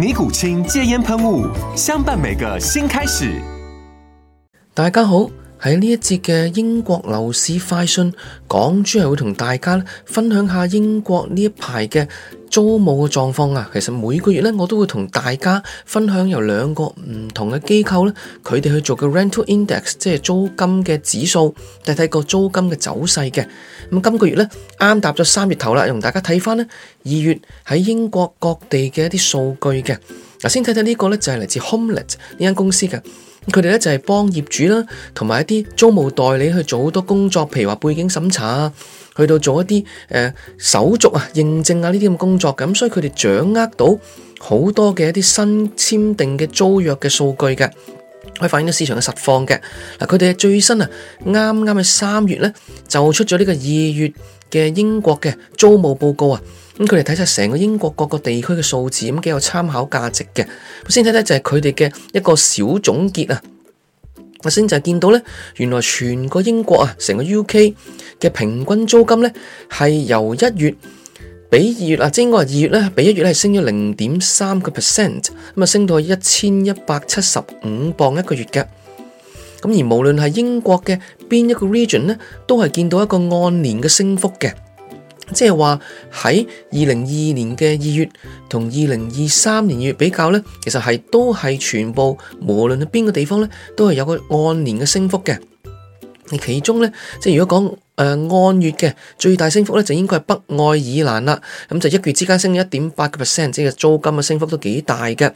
尼古清戒煙噴霧，相伴每個新開始。大家好。喺呢一節嘅英國樓市快訊，港豬係會同大家咧分享一下英國呢一排嘅租務嘅狀況啊。其實每個月咧，我都會同大家分享由兩個唔同嘅機構咧，佢哋去做嘅 rental index，即係租金嘅指數，睇睇個租金嘅走勢嘅。咁今個月咧，啱搭咗三月頭啦，同大家睇翻咧二月喺英國各地嘅一啲數據嘅。嗱，先睇睇呢個咧就係嚟自 Homelet 呢間公司嘅。佢哋咧就係幫業主啦，同埋一啲租務代理去做好多工作，譬如話背景審查啊，去到做一啲誒、呃、手續啊、認證啊呢啲咁工作嘅，咁所以佢哋掌握到好多嘅一啲新簽訂嘅租約嘅數據嘅，可以反映到市場嘅實況嘅嗱。佢哋最新啊，啱啱喺三月咧就出咗呢個二月嘅英國嘅租務報告啊。咁佢哋睇晒成個英國各個地區嘅數字，咁幾有參考價值嘅。先睇睇就係佢哋嘅一個小總結啊。我先就見到咧，原來全個英國啊，成個 U K 嘅平均租金咧係由一月比二月啊，即應該話二月咧比一月咧係升咗零點三個 percent，咁啊升到去一千一百七十五磅一個月嘅。咁而無論係英國嘅邊一個 region 咧，都係見到一個按年嘅升幅嘅。即係話喺二零二二年嘅二月同二零二三年二月比較咧，其實係都係全部無論喺邊個地方咧，都係有個按年嘅升幅嘅。其中咧，即係如果講誒、呃、按月嘅最大升幅咧，就應該係北愛爾蘭啦。咁就一月之間升咗一點八個 percent，即係租金嘅升幅都幾大嘅。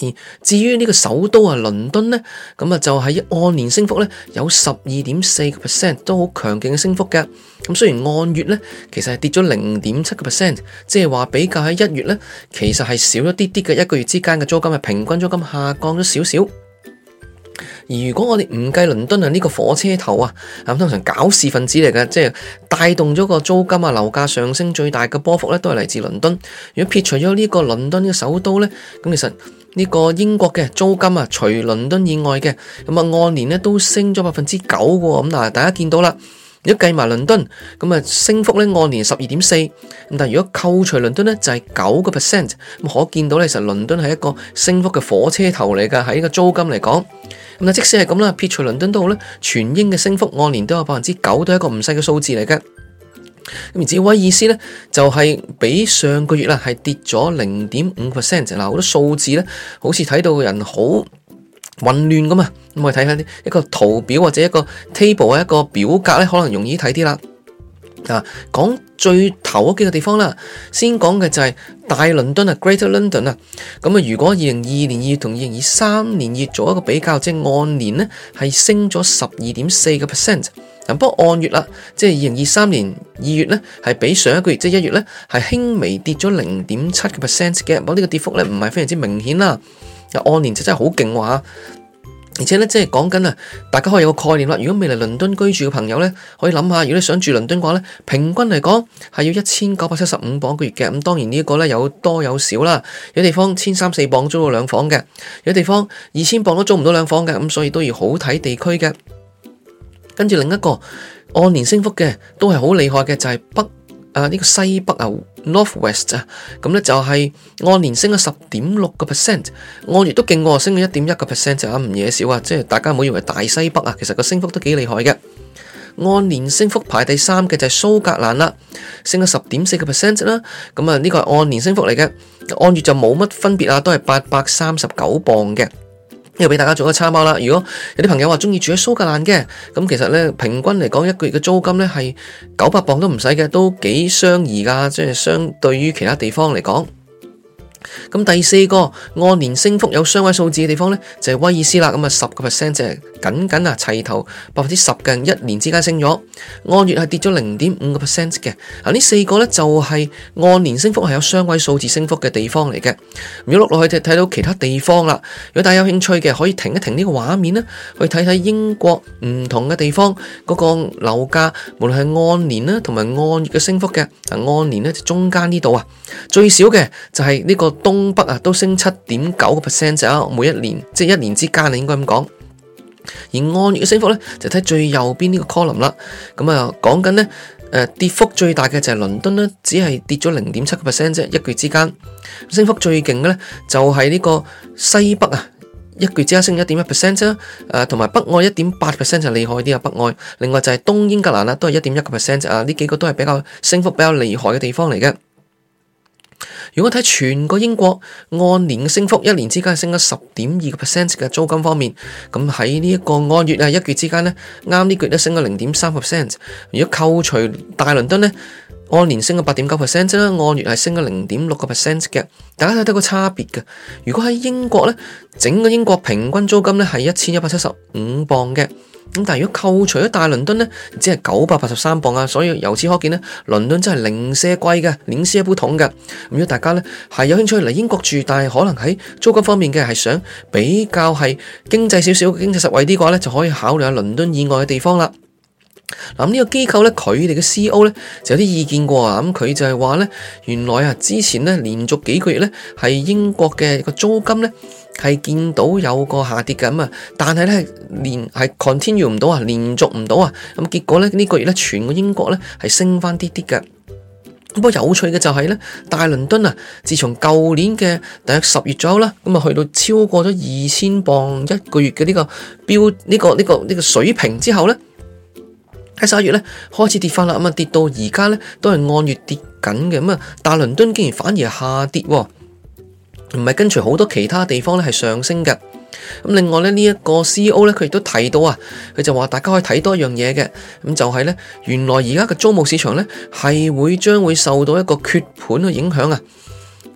而至於呢個首都啊，倫敦呢，咁啊就喺按年升幅呢，有十二點四個 percent，都好強勁嘅升幅嘅。咁雖然按月呢，其實係跌咗零點七個 percent，即係話比較喺一月呢，其實係少咗一啲啲嘅一個月之間嘅租金啊，平均租金下降咗少少。而如果我哋唔計倫敦啊，呢個火車頭啊，咁通常搞事分子嚟嘅，即係帶動咗個租金啊、樓價上升最大嘅波幅咧，都係嚟自倫敦。如果撇除咗呢個倫敦嘅首都咧，咁其實呢個英國嘅租金啊，除倫敦以外嘅咁啊，按年咧都升咗百分之九嘅。咁嗱，大家見到啦。如果計埋倫敦，咁啊升幅咧按年十二點四，咁但如果扣除倫敦咧就係九個 percent，咁可見到咧其實倫敦係一個升幅嘅火車頭嚟㗎，喺呢個租金嚟講。咁即使係咁啦，撇除倫敦都好咧，全英嘅升幅按年都有百分之九，都係一個唔細嘅數字嚟嘅。咁而至於威爾斯咧，就係、是、比上個月啦係跌咗零點五 percent。嗱好多數字咧，好似睇到人好。混亂咁啊！咁我睇下啲一個圖表或者一個 table 啊，一個表格咧，可能容易睇啲啦。啊，講最頭嗰幾個地方啦，先講嘅就係大倫敦啊，Greater London 啊。咁啊，如果二零二二年二月同二零二三年二月做一個比較，即係按年呢係升咗十二點四個 percent。咁不過按月啦，即係二零二三年二月咧係比上一個月，即係一月咧係輕微跌咗零點七個 percent 嘅。我呢個跌幅咧唔係非常之明顯啦。又按年就真係好勁喎，而且呢，即係講緊啊，大家可以有個概念啦。如果未嚟倫敦居住嘅朋友呢，可以諗下，如果你想住倫敦嘅話呢，平均嚟講係要一千九百七十五磅個月嘅。咁當然呢一個呢有多有少啦，有地方千三四磅租到兩房嘅，有地方二千磅都租唔到兩房嘅。咁所以都要好睇地區嘅。跟住另一個按年升幅嘅都係好厲害嘅，就係北。啊！呢、這個西北啊，North West 啊，咁咧就係按年升咗十點六個 percent，按月都勁喎，升咗一點一個 percent，就唔少啊！即係大家唔好以為大西北啊，其實個升幅都幾厲害嘅。按年升幅排第三嘅就係蘇格蘭啦，升咗十點四個 percent 啦。咁啊，呢個係按年升幅嚟嘅，按月就冇乜分別啊，都係八百三十九磅嘅。又畀大家做個參考啦。如果有啲朋友話鍾意住喺蘇格蘭嘅，咁其實呢，平均嚟講一個月嘅租金呢係九百磅都唔使嘅，都幾相宜㗎。即係相對於其他地方嚟講。咁第四個按年升幅有雙位數字嘅地方呢，就係、是、威爾斯啦。咁啊十個 percent 即係。僅僅啊，齊頭百分之十嘅人一年之間升咗，按月係跌咗零點五個 percent 嘅。嗱，呢四個呢，就係按年升幅係有雙位數字升幅嘅地方嚟嘅。如果碌落去就睇到其他地方啦。如果大家有興趣嘅，可以停一停呢個畫面啦，去睇睇英國唔同嘅地方嗰、那個樓價，無論係按年啦，同埋按月嘅升幅嘅。嗱，按年呢，就中間呢度啊，最少嘅就係呢個東北啊，都升七點九個 percent 啊，每一年即係、就是、一年之間，你應該咁講。而按月嘅升幅咧，就睇最右邊呢個 column 啦。咁啊，講緊咧，誒，跌幅最大嘅就係倫敦啦，只係跌咗零點七個 percent 啫。一個月之間，升幅最勁嘅咧，就係呢個西北啊，一個月之間升一點一 percent 啫。誒，同埋北愛一點八 percent 就厲害啲啊，北愛。另外就係東英格蘭啦，都係一點一個 percent 啫。啊，呢幾個都係比較升幅比較厲害嘅地方嚟嘅。如果睇全個英國按年嘅升幅，一年之間升咗十點二個 percent 嘅租金方面，咁喺呢一個按月啊，一月之間呢，啱呢個月咧升咗零點三 percent。如果扣除大倫敦呢，按年升咗八點九 percent，即係按月係升咗零點六個 percent 嘅。大家睇睇個差別嘅。如果喺英國呢，整個英國平均租金呢係一千一百七十五磅嘅。咁但係如果扣除咗大倫敦咧，只係九百八十三磅啊，所以由此可見咧，倫敦真係零舍貴㗎，零舍不同㗎。咁如果大家咧係有興趣嚟英國住，但係可能喺租金方面嘅係想比較係經濟少少、經濟實惠啲嘅話咧，就可以考慮下倫敦以外嘅地方啦。嗱，呢個機構咧，佢哋嘅 CEO 咧就有啲意見過啊。咁佢就係話咧，原來啊，之前咧連續幾個月咧係英國嘅個租金咧。係見到有個下跌嘅咁啊，但係咧連係 continue 唔到啊，連續唔到啊，咁結果咧呢個月咧全個英國咧係升翻啲啲嘅。不過有趣嘅就係咧，大倫敦啊，自從舊年嘅約十月左右啦，咁啊去到超過咗二千磅一個月嘅呢個標呢個呢個呢個水平之後咧，喺十一月咧開始跌翻啦，咁啊跌到而家咧都係按月跌緊嘅，咁啊大倫敦竟然反而下跌喎。唔係跟隨好多其他地方咧係上升嘅。咁另外咧呢一個 CEO 咧佢亦都提到啊，佢就話大家可以睇多一樣嘢嘅。咁就係咧，原來而家嘅租務市場咧係會將會受到一個缺盤嘅影響啊。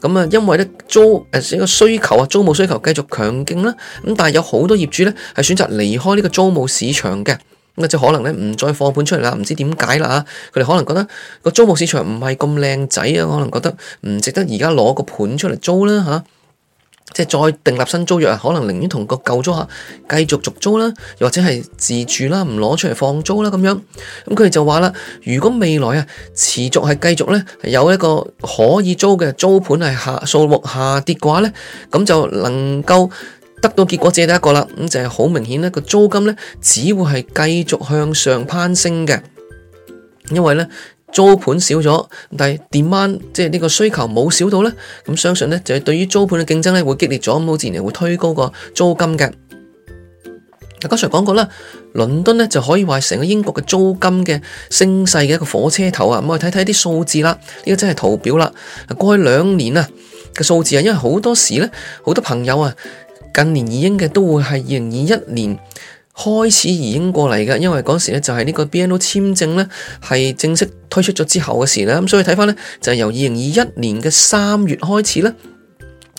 咁啊，因為咧租誒呢個需求啊租務需求繼續強勁啦。咁但係有好多業主咧係選擇離開呢個租務市場嘅。咁就可能咧，唔再放盤出嚟啦，唔知點解啦吓。佢哋可能覺得個租屋市場唔係咁靚仔啊，可能覺得唔值得而家攞個盤出嚟租啦吓。即係再訂立新租約，可能寧願同個舊租客繼續續租啦，又或者係自住啦，唔攞出嚟放租啦咁樣。咁佢哋就話啦，如果未來啊持續係繼續咧有一個可以租嘅租盤係下數目下跌嘅話咧，咁就能夠得到結果淨係得一個啦，咁就係、是、好明顯呢個租金呢，只會係繼續向上攀升嘅，因為呢租盤少咗，但係 demand 即係呢個需求冇少到呢。咁相信呢，就係對於租盤嘅競爭呢，會激烈咗，冇自然會推高個租金嘅。嗱，剛才講過啦，倫敦呢就可以話成個英國嘅租金嘅升勢嘅一個火車頭啊，我哋睇睇啲數字啦，呢、這個真係圖表啦。過去兩年啊嘅數字啊，因為好多時呢，好多朋友啊。近年移英嘅都會係二零二一年開始移英過嚟嘅，因為嗰時咧就係呢個 BNO 簽證咧係正式推出咗之後嘅事啦，咁所以睇返咧就係、是、由二零二一年嘅三月開始啦。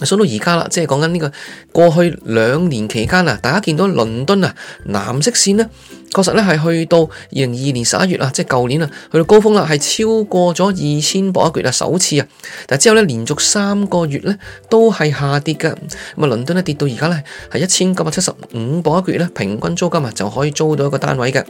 想到而家啦，即係講緊呢個過去兩年期間啊，大家見到倫敦啊藍色線呢，確實咧係去到二零二二年十一月啊，即係舊年啊，去到高峰啦，係超過咗二千磅一個月啊，首次啊，但之後咧連續三個月呢，都係下跌嘅。咁啊，倫敦咧跌到而家呢，係一千九百七十五磅一個月呢，平均租金啊就可以租到一個單位嘅。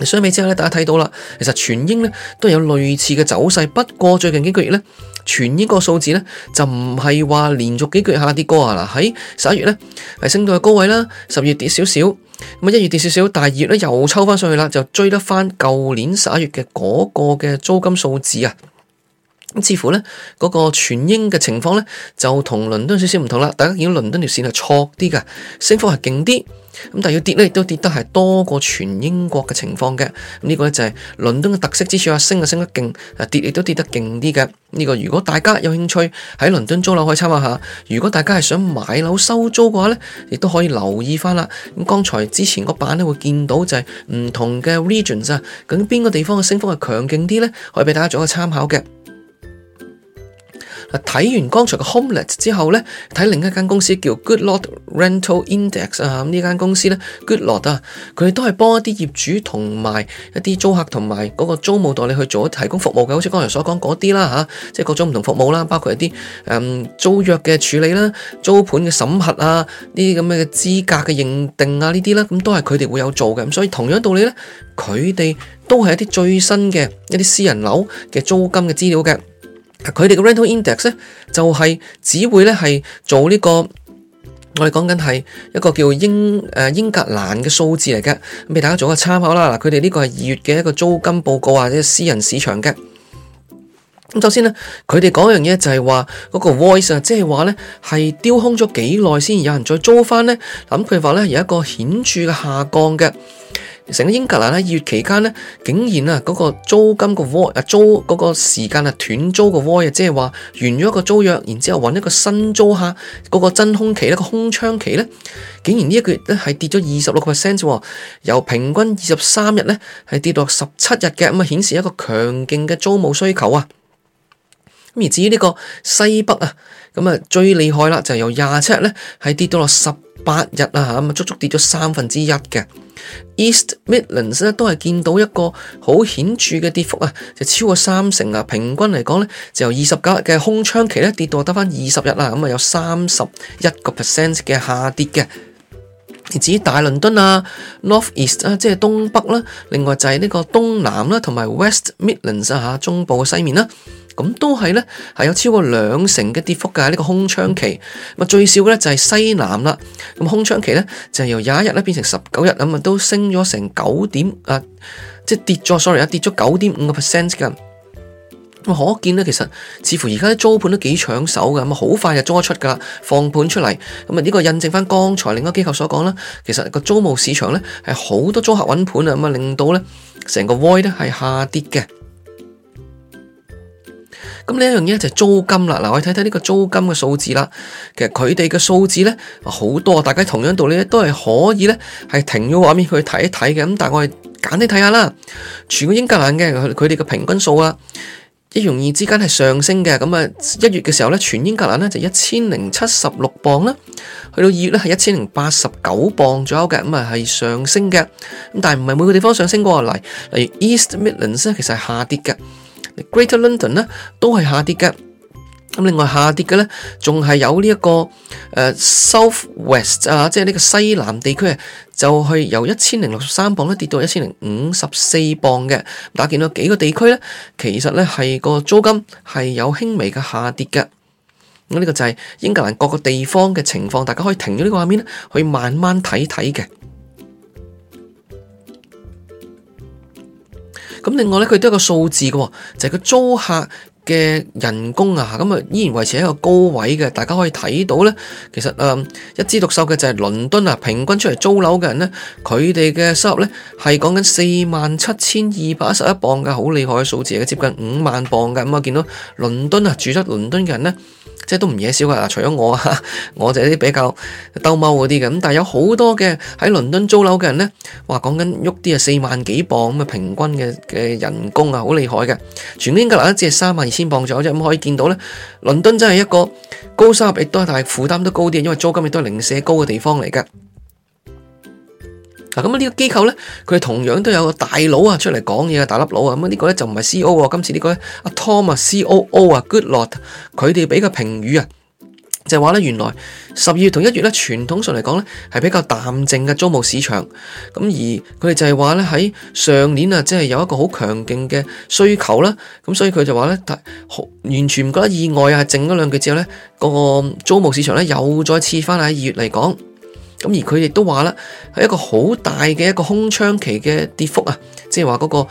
相比之下大家睇到啦，其實全英呢都有類似嘅走勢，不過最近幾個月呢，全英個數字呢就唔係話連續幾個月下跌過啊。嗱，喺十一月呢，升到去高位啦，十月跌少少，咁一月跌少少，第二月呢又抽翻上去啦，就追得翻舊年十一月嘅嗰個嘅租金數字啊。咁似乎呢，嗰、那個全英嘅情況呢，就同倫敦少少唔同啦，大家見到倫敦條線係挫啲嘅，升幅係勁啲。咁但要跌咧，亦都跌得係多過全英國嘅情況嘅。咁呢個咧就係倫敦嘅特色之處啊，升啊升得勁，啊跌亦都跌得勁啲嘅。呢個如果大家有興趣喺倫敦租樓，可以參考一下。如果大家係想買樓收租嘅話咧，亦都可以留意翻。啦咁剛才之前嗰版咧會見到就係唔同嘅 regions 啊，咁究竟邊個地方嘅升幅係強勁啲咧，可以俾大家做一個參考嘅。睇完剛才嘅 Homelet 之後呢，睇另一間公司叫 Goodlord Rental Index 啊！呢間公司呢 Goodlord 啊，佢都係幫一啲業主同埋一啲租客同埋嗰個租務代理去做提供服務嘅，好似剛才所講嗰啲啦嚇，即係各種唔同服務啦，包括一啲誒、嗯、租約嘅處理啦、租盤嘅審核啊、呢啲咁嘅資格嘅認定啊呢啲啦，咁都係佢哋會有做嘅。咁所以同樣道理呢，佢哋都係一啲最新嘅一啲私人樓嘅租金嘅資料嘅。佢哋嘅 rental index 咧，就係只會咧係做呢個，我哋講緊係一個叫英誒英格蘭嘅數字嚟嘅，咁俾大家做一個參考啦。嗱，佢哋呢個係二月嘅一個租金報告啊，或者私人市場嘅。咁首先呢，佢哋講樣嘢就係話嗰個 voice 啊，即係話呢係丟空咗幾耐先有人再租翻呢。咁佢話呢，有一個顯著嘅下降嘅。成個英格蘭呢，二月期間呢，竟然啊嗰個租金個 voi 啊租嗰個時間啊斷租個 void 啊，即係話完咗一個租約，然之後揾一個新租客，嗰個真空期一個空窗期呢，竟然呢一個月呢係跌咗二十六 percent，由平均二十三日呢係跌落十七日嘅，咁啊顯示一個強勁嘅租務需求啊！咁至於呢個西北啊，咁啊最厲害啦，就係由廿七日咧，係跌到落十八日啦，嚇咁啊，足足跌咗三分之一嘅。East Midlands 咧，都係見到一個好顯著嘅跌幅啊，就超過三成啊。平均嚟講咧，就由二十九日嘅空窗期咧，跌到得翻二十日啦，咁啊，有三十一個 percent 嘅下跌嘅。至於大倫敦啊，North East 啊，即係東北啦，另外就係呢個東南啦，同埋 West Midlands 啊，中部嘅西面啦。咁都係咧，係有超過兩成嘅跌幅噶呢個空窗期。咁啊最少嘅咧就係西南啦。咁空窗期咧就係由廿一日咧變成十九日咁啊，都升咗成九點啊，即係跌咗，sorry 啊，跌咗九點五個 percent 噶。咁可見咧，其實似乎而家租盤都幾搶手噶，咁啊好快就租得出噶，放盤出嚟。咁啊呢個印證翻剛才另一個機構所講啦，其實個租務市場咧係好多租客揾盤啊，咁啊令到咧成個 void 咧係下跌嘅。咁呢一樣嘢就係租金啦，嗱，我哋睇睇呢個租金嘅數字啦。其實佢哋嘅數字咧好多，大家同樣道理咧都係可以咧係停咗畫面去睇一睇嘅。咁但我哋簡啲睇下啦，全個英格蘭嘅佢哋嘅平均數啊一二之間係上升嘅。咁啊一月嘅時候咧，全英格蘭咧就一千零七十六磅啦，去到二月咧係一千零八十九磅左右嘅，咁啊係上升嘅。咁但係唔係每個地方上升喎，嚟例如 East Midlands 呢，其實係下跌嘅。Greater London 呢都係下跌嘅，咁另外下跌嘅呢仲係有呢一個誒 South West 啊，即係呢個西南地區啊，就係由一千零六十三磅呢跌到一千零五十四磅嘅。大家見到幾個地區呢，其實呢係個租金係有輕微嘅下跌嘅。咁呢個就係英格蘭各個地方嘅情況，大家可以停咗呢個畫面呢去慢慢睇睇嘅。咁另外咧，佢都有個數字嘅，就係個租客嘅人工啊，咁啊依然維持喺一個高位嘅。大家可以睇到咧，其實誒一枝獨秀嘅就係倫敦啊，平均出嚟租樓嘅人咧，佢哋嘅收入咧係講緊四萬七千二百一十一磅嘅，好厲害嘅數字嘅，接近五萬磅嘅。咁我見到倫敦啊，住得倫敦嘅人咧。即係都唔嘢少㗎。除咗我啊，我就係啲比較兜踎嗰啲嘅，咁但係有好多嘅喺倫敦租樓嘅人咧，話講緊喐啲啊四萬幾磅咁啊平均嘅嘅人工啊好厲害嘅，全英格蘭只係三萬二千磅左右啫，咁可以見到咧，倫敦真係一個高收入亦都係，但係負擔都高啲，因為租金亦都係零舍高嘅地方嚟嘅。嗱、這個，咁呢個機構咧，佢同樣都有個大佬啊出嚟講嘢啊，大粒佬啊，咁、這、呢個咧就唔係 CEO 喎，今次個呢個阿 Tom 啊 C.O.O. 啊 Good Lord，佢哋俾嘅評語啊，就係話咧，原來十二月同一月咧，傳統上嚟講咧係比較淡靜嘅租務市場，咁而佢哋就係話咧喺上年啊，即、就、係、是、有一個好強勁嘅需求啦，咁所以佢就話咧，完全唔覺得意外啊，淨咗兩個月之後咧，個租務市場咧又再次翻喺二月嚟講。咁而佢亦都話啦，係一個好大嘅一個空窗期嘅跌幅啊！即係話嗰個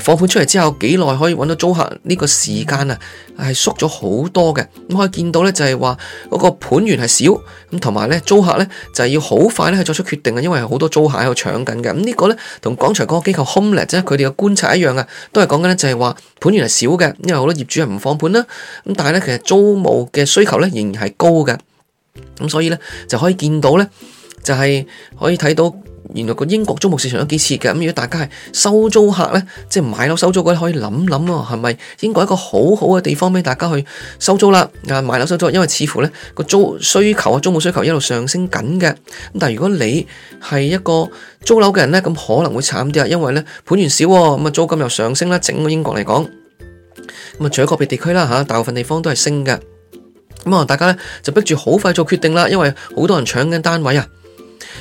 放盤出嚟之後幾耐可以揾到租客，呢個時間啊係縮咗好多嘅。咁、嗯、可以見到就呢就係話嗰個盤源係少，咁同埋呢租客呢就係、是、要好快呢去作出決定啊，因為好多租客喺度搶緊嘅。咁、嗯、呢、這個呢同剛才嗰個機構 Homelet 即佢哋嘅觀察一樣啊，都係講緊呢就係話盤源係少嘅，因為好多業主係唔放盤啦。咁但係呢，其實租務嘅需求呢仍然係高嘅。咁、嗯、所以呢，就可以見到呢。就係、是、可以睇到，原來個英國租務市場有幾熱嘅。咁如果大家係收租客呢，即係買樓收租嘅，可以諗諗喎，係咪英國一個好好嘅地方俾大家去收租啦？啊，買樓收租，因為似乎呢個租需求啊，租務需求一路上升緊嘅。咁但係如果你係一個租樓嘅人呢，咁可能會慘啲啊，因為呢盤源少，咁啊租金又上升啦。整個英國嚟講，咁啊除咗個別地區啦吓，大部分地方都係升嘅。咁啊大家呢就逼住好快做決定啦，因為好多人搶緊單位啊。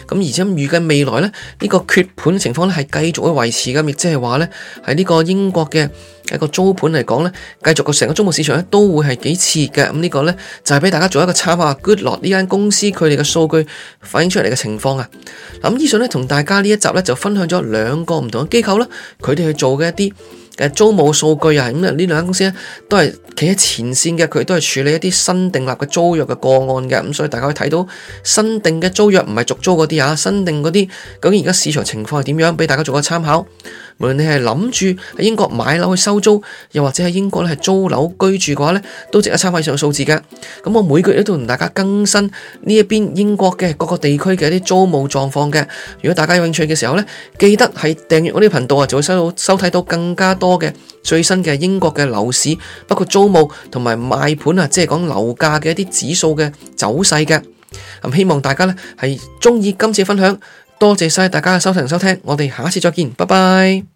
咁而且預計未來呢呢、這個缺盤情況呢係繼續會維持㗎。亦即係話呢，喺呢個英國嘅一個租盤嚟講呢，繼續個成個租務市場呢都會係幾次嘅。咁、這、呢個呢，就係俾大家做一個參考。Goodlord 呢間公司佢哋嘅數據反映出嚟嘅情況啊。咁以上呢，同大家呢一集呢，就分享咗兩個唔同嘅機構啦，佢哋去做嘅一啲。租務數據。又咁呢兩間公司咧，都係企喺前線嘅，佢都係處理一啲新訂立嘅租約嘅個案嘅。咁所以大家可以睇到新訂嘅租約唔係續租嗰啲呀。新訂嗰啲究竟而家市場情況係點樣？俾大家做個參考。無論你係諗住喺英國買樓去收租，又或者喺英國咧係租樓居住嘅話呢，都值得參考以上數字嘅。咁我每個月都同大家更新呢一邊英國嘅各個地區嘅一啲租務狀況嘅。如果大家有興趣嘅時候呢，記得係訂閱我啲頻道，就會收到收睇、到更加多嘅最新嘅英國嘅樓市，包括租務同埋賣盤啊，即係講樓價嘅一啲指數嘅走勢嘅。咁希望大家呢係中意今次分享。多謝晒大家嘅收聽收聽，我哋下次再見，拜拜。